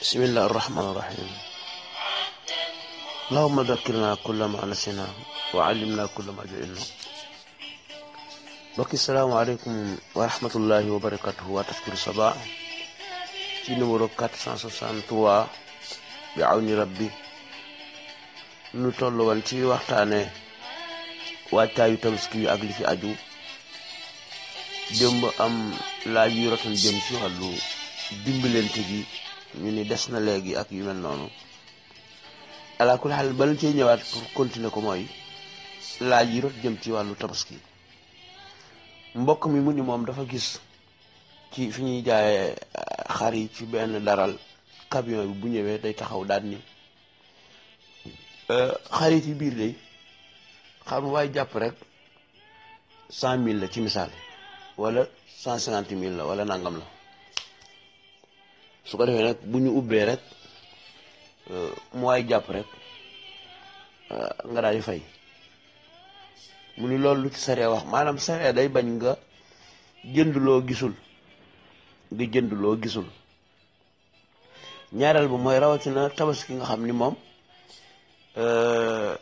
بسم الله الرحمن الرحيم اللهم ذكرنا كل ما نسينا وعلمنا كل ما جهلنا mbokki salaamaaleykum wa rahmatullahi wa barakatuhu waa Tazkiru Saba ci numéro 463 bi awni rabbi ñu toll woon ci waxtaane waajtaayu tabaski ak li ci aju démb am laaj yu rotoon jëm ci wàllu dimbalante gi ñu ni des na léegi ak yu mel noonu alaakul xaal bala cee ñëwaat pour continuer ko mooy laaj yi rot jëm ci wàllu tabaski mbokk mi mu ni moom dafa gis ci fi ñuy jaayee eh, xar yi ci benn daral camion bi bu ñëwee day taxaw daal ni eh, xar yi ci biir day xam waaye jàpp rek cent mille la ci misaal wala cent cinquante mille la wala nàngam la su ko defee nag bu ñu ubbee rek euh, mu waay jàpp rek euh, nga daal di fay mu ni loolu lu ci saree wax maanaam saree day bañ nga jënd loo gisul nga jënd loo gisul ñaareel bu mooy rawatina tabaski nga xam ni moom euh,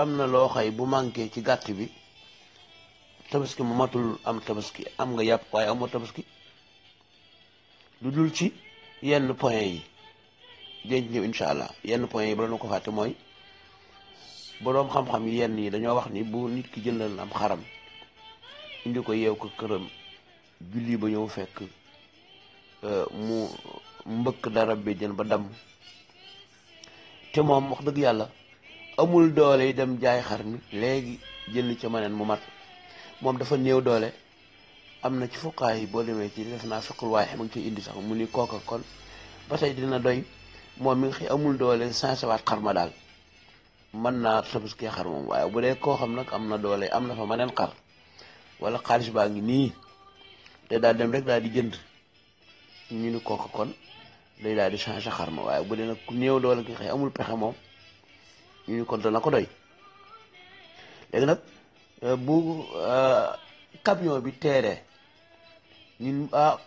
am na loo xay bu manqué ci gàtt bi tabaski mu matul am tabaski am nga yàpp waaye amoo tabaski lu dul ci yenn point yi dinañ ñëw incha allah yenn point yi bala na ko fàtte mooy boroom xam-xam yi yenn yi dañoo wax ni bu nit ki jëlal am xaram di ko yeew ko këram julli ba ñëw fekk eh, mu mbëkk dara bi jën ba damm te moom wax dëgg yàlla amul doole yi dem jaay xar mi léegi jën ci maneen mu mat moom dafa néew doole am na ci fuqaa yi boo demee ci def naa fiqul waaye ma ngi ciy indi sax mu ni kooka kon ba tey dina doy moom mi nga xëy amul doole sansewaat xar ma daal mën naa tabaskee xar moom waaye bu dee koo xam nag am na doole am na fa maneen xar wala xaalis baa ngi nii te daal dem rek daal di jënd ñu ni kooka kon day daal di changé xar ma waaye bu dee nag ku néew doole ki xëy amul pexe moom ñu ni kon dana ko doy léegi nag euh, bu euh, camion bi teeree ñun ah,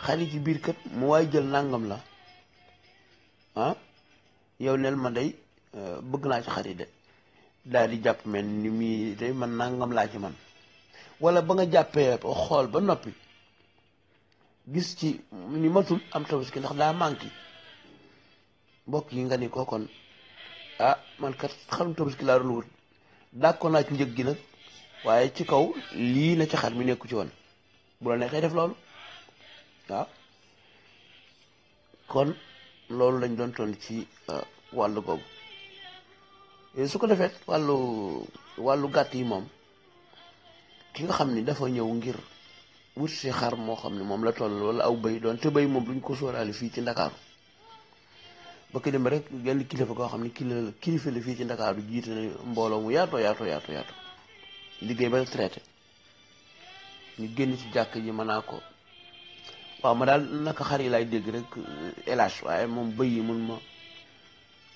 xarit ci biir kat mu waay jël nangam la ah yow neel ma day eh, bëgg naa ci xarit de daal di jàpp mel ni mii day man nangam laa ci man wala ba nga jàppee xool ba noppi gis ci ni matul am tabaski ndax daa manqué mbokk yi nga ni ko kon ah man kat xarum tabaski laa doon wut dàkkoon naa ci njëg gi nag waaye ci kaw lii na ci xar mi nekku ci woon bu la neexee def loolu waaw kon loolu lañ doon ton ci euh, wàllu googu su ko defee wàllu wàllu gàtt yi moom ki nga xam ni dafa ñëw ngir wut si xar moo xam ne moom la toll wala aw béy doon te béy moom duñ ko sóoraale fii ci ndakaaru ba ko dem rek genn kilifa koo xam ne kilifa la fii ci ndakaaru jiite na mbooloo mu yaatoo yaato yaatoo yaatoo liggéey ba traité ñu génn ci jàkk ji mën naa ko waaw ma daal naka xar yi laay dégg rek élage euh, waaye moom bëy yi mun ma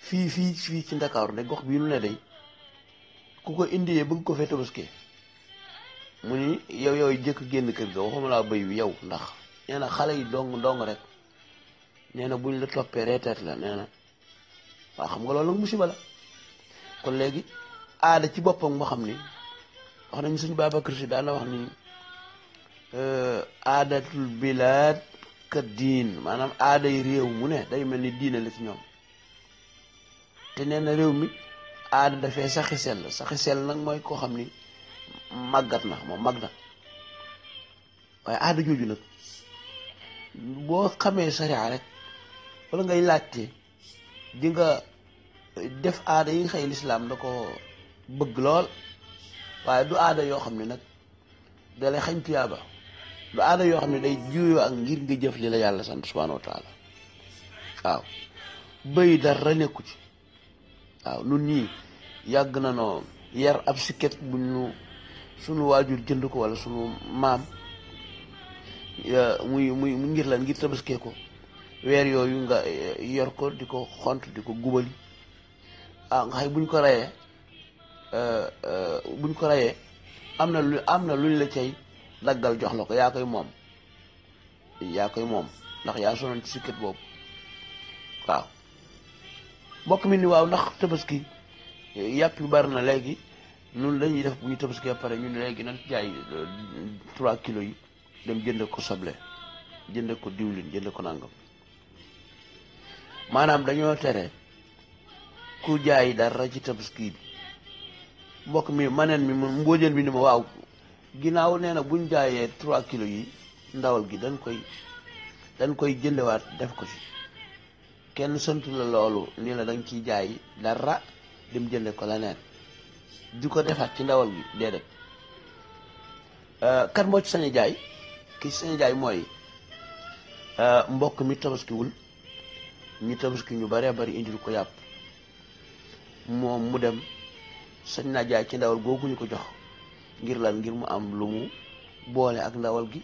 fii fii fii ci ndakaaru ne gox bi bii nu ne day ku ko indiyee bëgg ko fee tabaskee mu ni yow yow jëkk génn kër ga waxuma laa bëy wi yow ndax nee xale yi dong dong rek nee na buñ la toppee reeteet la nee na waaw xam nga loolu musiba la kon léegi aada ci boppam moo xam ni wax nañ suñu Babacar Si daan na wax nii Euh, aadatul bilaad ka diin maanaam aada aaday réew mu ne day mel ni diina la ci ñoom te nee na réew mi aada dafee saxi sell saxi sell nag mooy koo xam ni màggat na moo mag na waaye aada jooju nag boo xamee sariya rek wala ngay laajte di nga def aada yi nga xëy lislaam da ko bëgg lool waaye du aada yoo xam ni nag dalay xañ tuyaaba du aada yoo xam ne day juyoo ak ngir nga jëf li la yàlla sant subhaanahu wa taala waaw bëy dara nekku ci waaw nun ñii yàgg na noo yar ab sikket bu ñu sunu waajur jënd ko wala sunu maam muy muy mu ngir lan ngir tabaskee ko weer yooyu nga eh, yor ko di ko xont di ko gubali ah nga xay buñ ko rayee eh, eh, buñ ko rayee am na lu am na luñ la cay daggal jox la ko yaa koy moom yaa koy moom ndax yaa sonoon ci sikkat boobu waaw mbokk mi ni waaw ndax tabaski yàpp yu bari na léegi ñun lañuy def bu ñu tabaski ba pare ñun léegi nan jaay euh, trois kilo yi dem jënd ko soble jënd ko diwlin jënd ko nangam maanaam dañoo tere ku jaay dara ci tabaski bi mbokk mi maneen mi mbóojeen mi ni ma waaw ginnaaw nee na buñ jaayee trois kilos yi ndawal gi dañ koy dañ koy jëndewaat def ko fi kenn sëntu la loolu nii la dañ ciy jaay dara dem jënde ko leneen di ko defaat ci ndawal gi déedéet euh, kan moo ci sañ a jaay ki sañ jaay mooy euh, mbokk mi tabaskiwul ñu tabaski ñu baree bari indil ko yàpp moom mu dem sañ naa jaay ci ndawal googu ñu ko jox ngir lan ngir mu am lu mu boole ak ndawal gi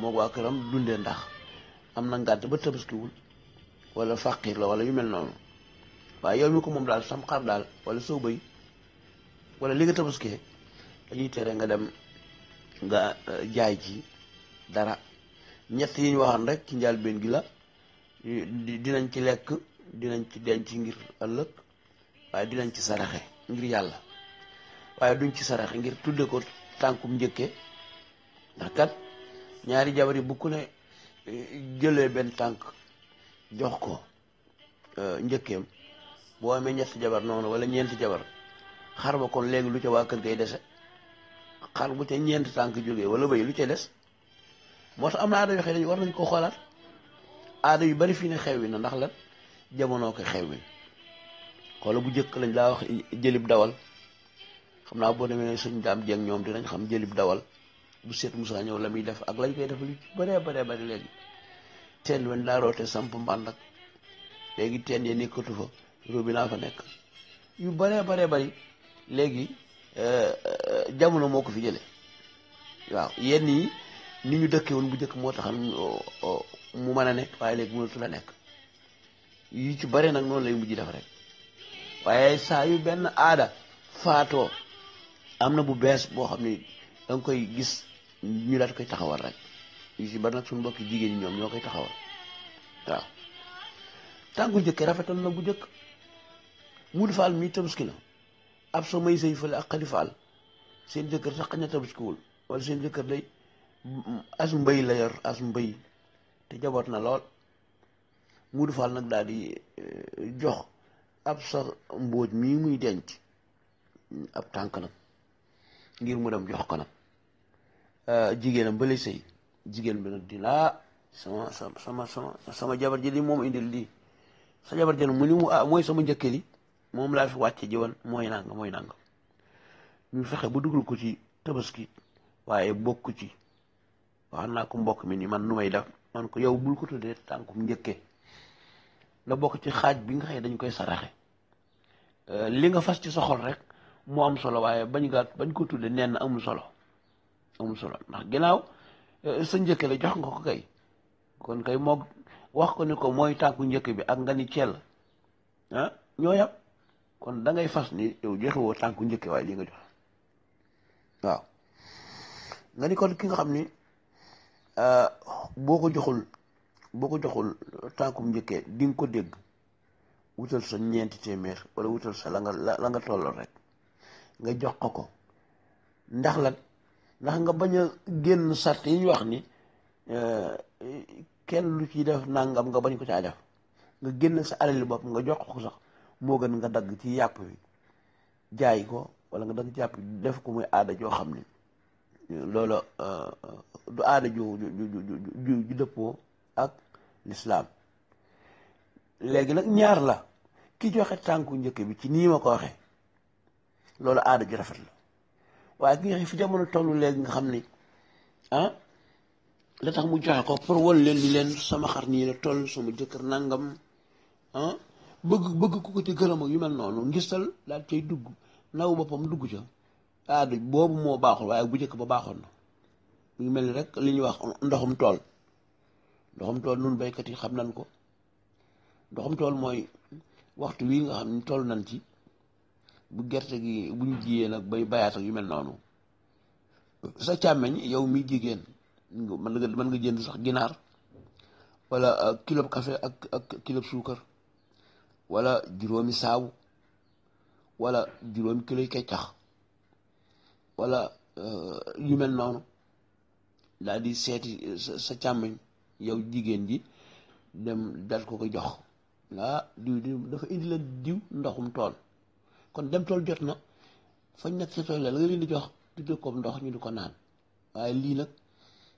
moo waa këram dundee ndax am na ngànt ba tabaskiwul wala faqir la wala yu mel noonu waaye yow mi ko moom daal sam xar daal wala soo bëy wala li nga tabaskee dañuy tere nga dem nga eh, jaay ji dara ñett yi ñu waxoon rek ci njaal njëlbéen gi la dinañ ci lekk dinañ ci denc ngir ëllëg waaye dinañ ci saraxe ngir yàlla waaye duñ ci saraxe ngir tudde ko tànkum njëkke ndax kat ñaari jabar yi bu ku ne eh, jëlee benn tànk jox ko eh, njëkkeem boo amee ñetti jabar noonu wala ñeenti jabar xar ba kon léegi lu ca waa kër gay dese xar bu ca ñeent tànk jógee wala bay lu ca des moo tax am na aada yoo xam ne war nañ koo xoolaat aada yu bari fii ne xewwi na ndax lan jamono ko xewwi xoola bu jëkk lañ laa wax jëlib dawal xam naa boo demee sëñ daam jeeg ñoom dinañ xam jëlib dawal bu seet Moussa ñëw la muy def ak lañ koy def lu ci bëree bëree bëri léegi teen wen daa léegi teen ya nekkatu fa robinet fa nekk yu bëree bëree bëri léegi eh, eh, jamono moo ko fi jële waaw yenn yi ni ñu dëkkee woon bu njëkk moo taxal oh, oh, mu mën a nekk waaye léegi mënatu la nekk yu ci bare nag noonu lay mujj def rek waaye saa yu benn aada faatoo am na bu bees boo xam ne danga koy gis ñu daal koy taxawal rek yu si bari nag suñu mbokki jigéen ñoom ñoo koy taxawal waaw jëkk rafetal na bu jëkk Modou Fall mii tabaski na ab soo may sëy fële ak xalifaal seen jëkkër sax xañ a tabaskiwul wala seen jëkkër day as mbay la yor as mbay te jaboot na lool Modou Fall nag daal di eh, jox ab sa mbóoj mii muy denc ab tànk nag ngir mu dem jox ko nag euh, jigéenam ba lay sëy jigéen bi nag di laa sama sama sama sama jabar ji moom indi lii sa jabar ji mu ni mu ah mooy sama njëkke li moom laa fi wàcce ji mooy nanga mooy nanga ñu fexe ba dugal ko ci tabaski waaye bokk ci wax naa ko mbokk mi ni man nu may def man ko yow bul ko tuddee tànkum njëkke na bokk ci xaaj bi nga xëy dañ koy saraxe euh, li nga fas ci sa soxol rek mu am solo waaye bañ nga bañ ko tudde neen amul solo amul solo ndax ginnaaw eh, sa njëkk la jox nga ko kay kon kay moo wax ko ni ko mooy tànku njëkk bi ak nga ni ceel ah, kon da fas ni yow joxewoo tànku njëkk waaye li nga jox waaw nga ni kon ki nga xam ni ah, boo ko joxul boo ko joxul tànkum njëkkee di ko dégg wutal sa ñeenti téeméer wala wutal sa langa nga la nga tolloo rek nga jox ko ko ndax la ndax nga bañ a génn sart yi ñu wax ni eh, kenn lu ci def nangam nga bañ ko caa def nga génn sa alali bopp nga jox ko sax moo gën nga dagg ci yàpp wi jaay ko wala nga dagg ci def ko muy aada joo xam ni loolu eh, du aada ju ju ju ju dëppoo ak lislaam léegi nag ñaar la ki joxe tànku njëkk bi ci nii ma ko waxee loolu aada ju rafet la waaye gi nga fi jamono toll léegi nga xam ni ah la tax mu joxe ko pour wol leen ni leen sama xar nii la toll sama jëkkër nangam ah bëgg bëgg ku ko ci gërëm yu mel noonu ngistal daal cay dugg naw boppam dugg ca aada boobu moo baaxul waaye bu njëkk ba baaxoon na mu ngi mel ni rek li ñuy wax ndoxum tool ndoxum tool nun béykat yi xam nañ ko ndoxum tool mooy waxtu wii nga xam ni toll nañ ci bu gerte gi buñ ñu jiyee nag bay bayaat ak yu mel noonu sa càmmiñ yow mi jigéen mën nga mën nga jënd sax ginaar walla euh, kilo café ak ak kilo suukar wala juróomi saabu wala juróomi kilo keccax wala euh, yu mel noonu daal di seeti euh, sa càmmiñ yow jigéen ji dem dal ko ko jox ah diw dafa indi la diw ndoxum tool kon dem tool jot na fañ nekk ci tool la nga leen di jox tudde ko ndox ñu di ko naan waaye lii nag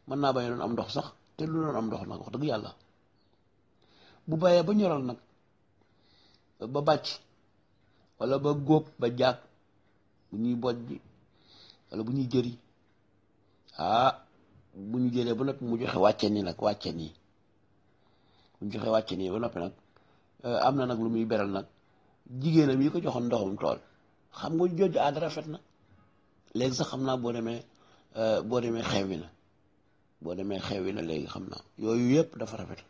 mën naa bàyyi doon am ndox sax te lu doon am ndox nag wax dëgg yàlla bu bàyyee ba ñoral nag ba bàcc walla ba góob ba jaag bu ñuy boj bi wala bu ñuy jëri ah bu ñu jëlee ba noppi mu joxe wàcce nii nag wàcce nii bu ñu joxe wàcce nii ba noppi nag eh, am na nag lu muy beral nag jigéenam yi ko joxoon doomam tool xam nga jooju aada rafet na léegi sax xam naa boo demee euh, boo demee xewwi na boo demee xewwi na léegi xam naa yooyu yëpp dafa rafet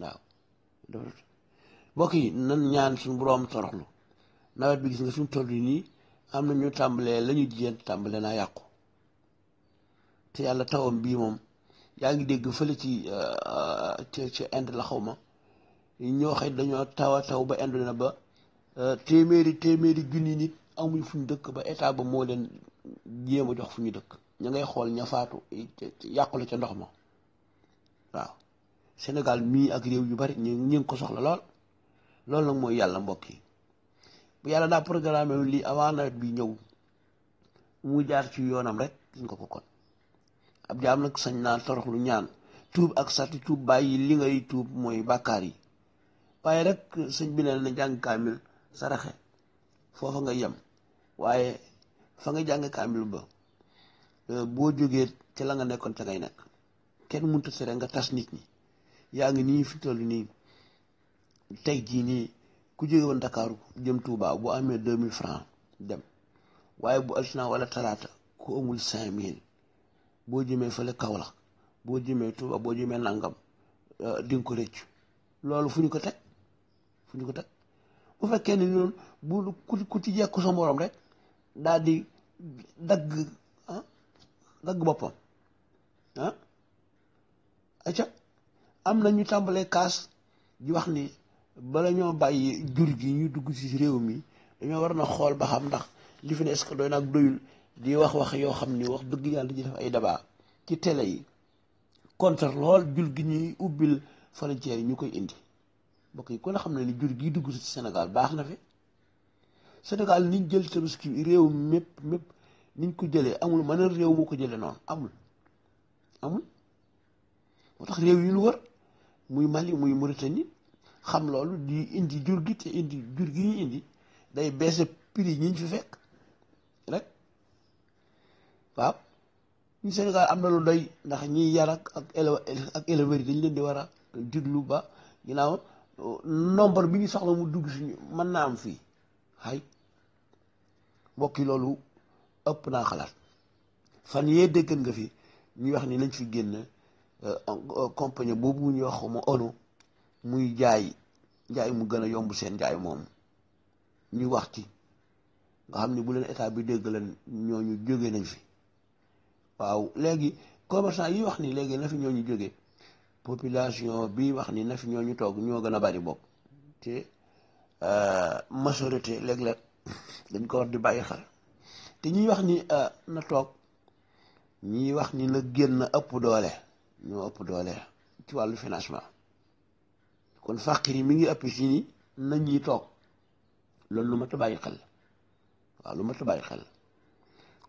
waaw dafa yi nan ñaan suñu boroom toroxlu nawet bi gis nga fi mu toll nii am na ñu tàmbalee la jigéen tàmbalee naa yàqu te yàlla tawam bii moom yaa ngi dégg fële ci euh, ci Inde la xaw ma ñoo xëy dañoo tawa taw ba Inde na ba Euh, téeméeri téeméeri junni nit amuñ fu ñu dëkk ba état ba moo leen jéem a jox fu ñu dëkk ñu ngay xool ña faatu yàqule ca ndox ma waaw Sénégal mii ak réew yu bari ñu ñu ngi ko soxla lool loolu nag mooy yàlla mbokk yi bu yàlla daa programme lii avant nawet bi ñëw mu jaar ci yoonam rek gis nga ko kon ab jaam nag sañ naa torox lu ñaan tuub ak sarti tuub bàyyi li ngay tuub mooy bàkkaar yi waaye rek sëñ bi nee na jàng kaamil saraxe foofa nga yem waaye fa nga jàng kaamil ba euh, boo jógee te la nga nekkoon ca ngay nekk kenn mënut a tere nga tas nit ñi yaa ngi nii fi toll nii tey jii nii ku jóge woon Ndakaaru jëm Touba bu amee deux mille francs dem waaye bu altine walla talaata ku amul cinq mille boo jëmee fële Kaolack boo jëmee Touba boo jëmee nangam euh, di ko rëccu loolu fu ñu ko teg fu ñu ko teg. bu fekkee ne ñun bu ku ku jekku sa morom rek daal di dagg ah boppam ah aca am na ñu tàmbalee kaas di wax ni bala ñoo bàyyi jur gi ñu dugg ci réew mi dañoo war na xool ba xam ndax li fi ne est-ce que doy naag doyul di wax wax yoo xam ni wax dëgg yàlla di def ay daba ci télé yi contre lool jur gi ñuy ubbil frontière yi ñu koy indi bokk yi ku ne xam na ni jur gi dugg ci Sénégal baax na fi Sénégal niñ jël tabaski bi réew mépp mépp niñ ko jëlee amul mëneen réew moo ko jëlee noonu amul amul moo tax réew yu ñu wër muy Mali muy Mauritanie xam loolu di indi jur gi te indi jur gi ñu indi day baisse prix yi ñu fi fekk rek waaw ñu Sénégal am na lu day ndax ñiy yar ak ak éleveurs dañ leen di war a lu ba ginnaaw nombre bi ñu soxla mu dugg si ñu man naa am fii ay mbokk yi loolu ëpp naa xalaat fan yee déggan nga fi ñuy wax ni nañ fi génn euh, euh, compagnie boobu ñuy wax ma onu muy jaay jaay mu gën a yomb seen jaay moom ñu wax ci nga xam ni bu leen état bi dégg leen ñooñu jóge nañ fi waaw léegi commerçant yi wax ni léegi na fi ñu jóge population bi wax ni na fi ñoo ñu toog ñoo gën a bari bokk te euh, majorité léeg-léeg dañ ko war di bàyyi xel te ñiy wax ni euh, na toog ñiy wax ni na génn ëpp doole ñoo ëpp doole ci wàllu financement kon fàqir yi mi ngi ëpp si ni na ñuy toog loolu lu mat bàyyi xel waaw lu mat a bàyyi xel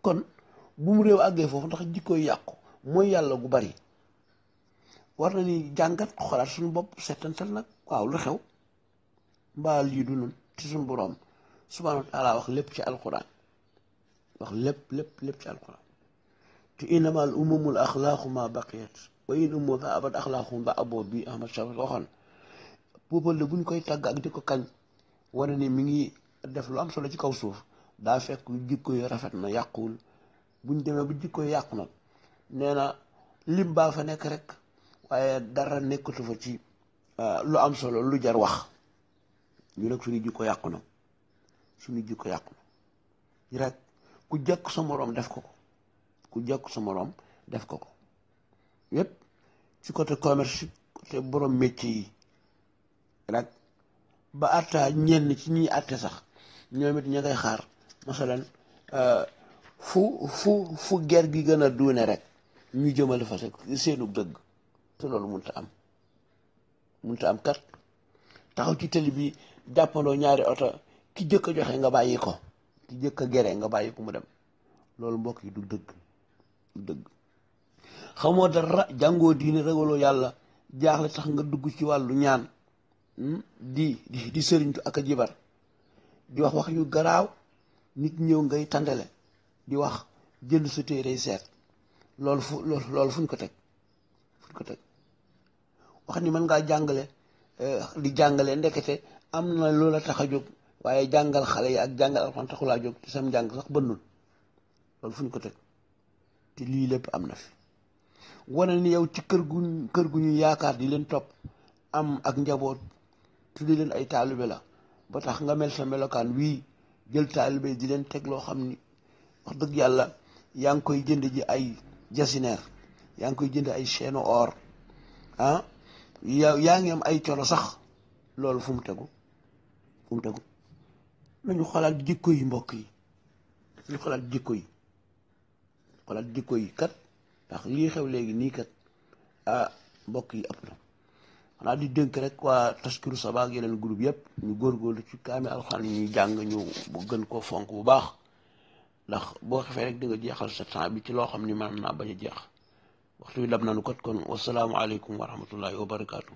kon bu mu réew àggee foofu ndax jikko yàqu mooy yàlla gu bari war na ni jàngat xoolaat suñu bopp seetantal nag waaw lu xew mbaa lii du nun ci suñu boroom subhaanahu wa wax lépp ci alquran wax lépp lépp lépp ci alquran te innama al umamul ma baqiyat wa in umu daabat axlaaqum ba aboo bi ama sa buñ koy tàgg ko kañ wane mi ngi def lu am ci kaw suuf daa fekk jikko yu rafet na yàquwul buñ demee bu jikko yu yàqu nag nee na lim baa fa nekk rek waaye dara nekkatu fa ci euh, lu am solo lu jar wax ñu nag suñu jikko yàqu na suñu jikko yàqu na rek ku jekk sa moroom def ko ko ku jekk sa moroom def ko ko yépp ci côté commerce ci côté borom métier yi rek ba atta ñenn ci ñuy atte sax ñoom it ña ngay xaar masalan euh, fu fu fu ger gi gën a dune rek ñu jëmale fa rek seenu dëgg te loolu mënut a am mënut a am kat taxaw ci tëli bi jàppandoo ñaari oto ki jëkk a joxe nga bàyyi ko ki jëkk a gere nga bàyyi ko mu dem loolu mbokk yi du dëgg du dëgg xamoo dara jàngoo diine ragaloo yàlla jaaxle tax nga dugg ci wàllu ñaan hmm, di di sëriñtu ak a jibar di wax wax yu garaaw nit ñëw ngay tàndale di wax jënd sa téere seet loolu fu loolu fu ñu ko teg fu ñu ko teg wax ni mën ngaa jàngale eh, di jàngale ndekete am na loola tax a jóg waaye jàngal xale yi ak jàngal alxuraan taxulaa jóg te sam jàng loolu fu ñu ko teg te lii lépp am na fi wana ni yow ci kër gu kër gu ñu yaakaar di leen topp am ak njaboot tuddi leen ay taalibe la ba tax nga mel sa melokaan wii jël taalibe di leen teg loo xam ni wax dëgg yàlla yaa ngi koy jënd ji ay jasineer yaa ngi koy jënd ay chaîne or ah, yow yaa ngi am ay colo sax loolu fu mu tegu fu mu tegu nañu xoolaat jikko yi mbokk yi nañu xoolaat jikko yi xoolaat jikko yi kat ndax lii xew léegi nii kat ah mbokk yi ëpp na xanaa di dénk rek waa taskiru saba ak yeneen groupe yëpp ñu góor góorgóorlu ci kaami alxaan yi ñuy jàng ñu bu gën koo fonk bu baax ndax boo xefee rek di nga jeexal sa temps bi ci loo xam ni man naa bañ a jeex waxtu wi dab nañu kot kon wasalaamualeykum wa rahmatullahi wa barakaatu.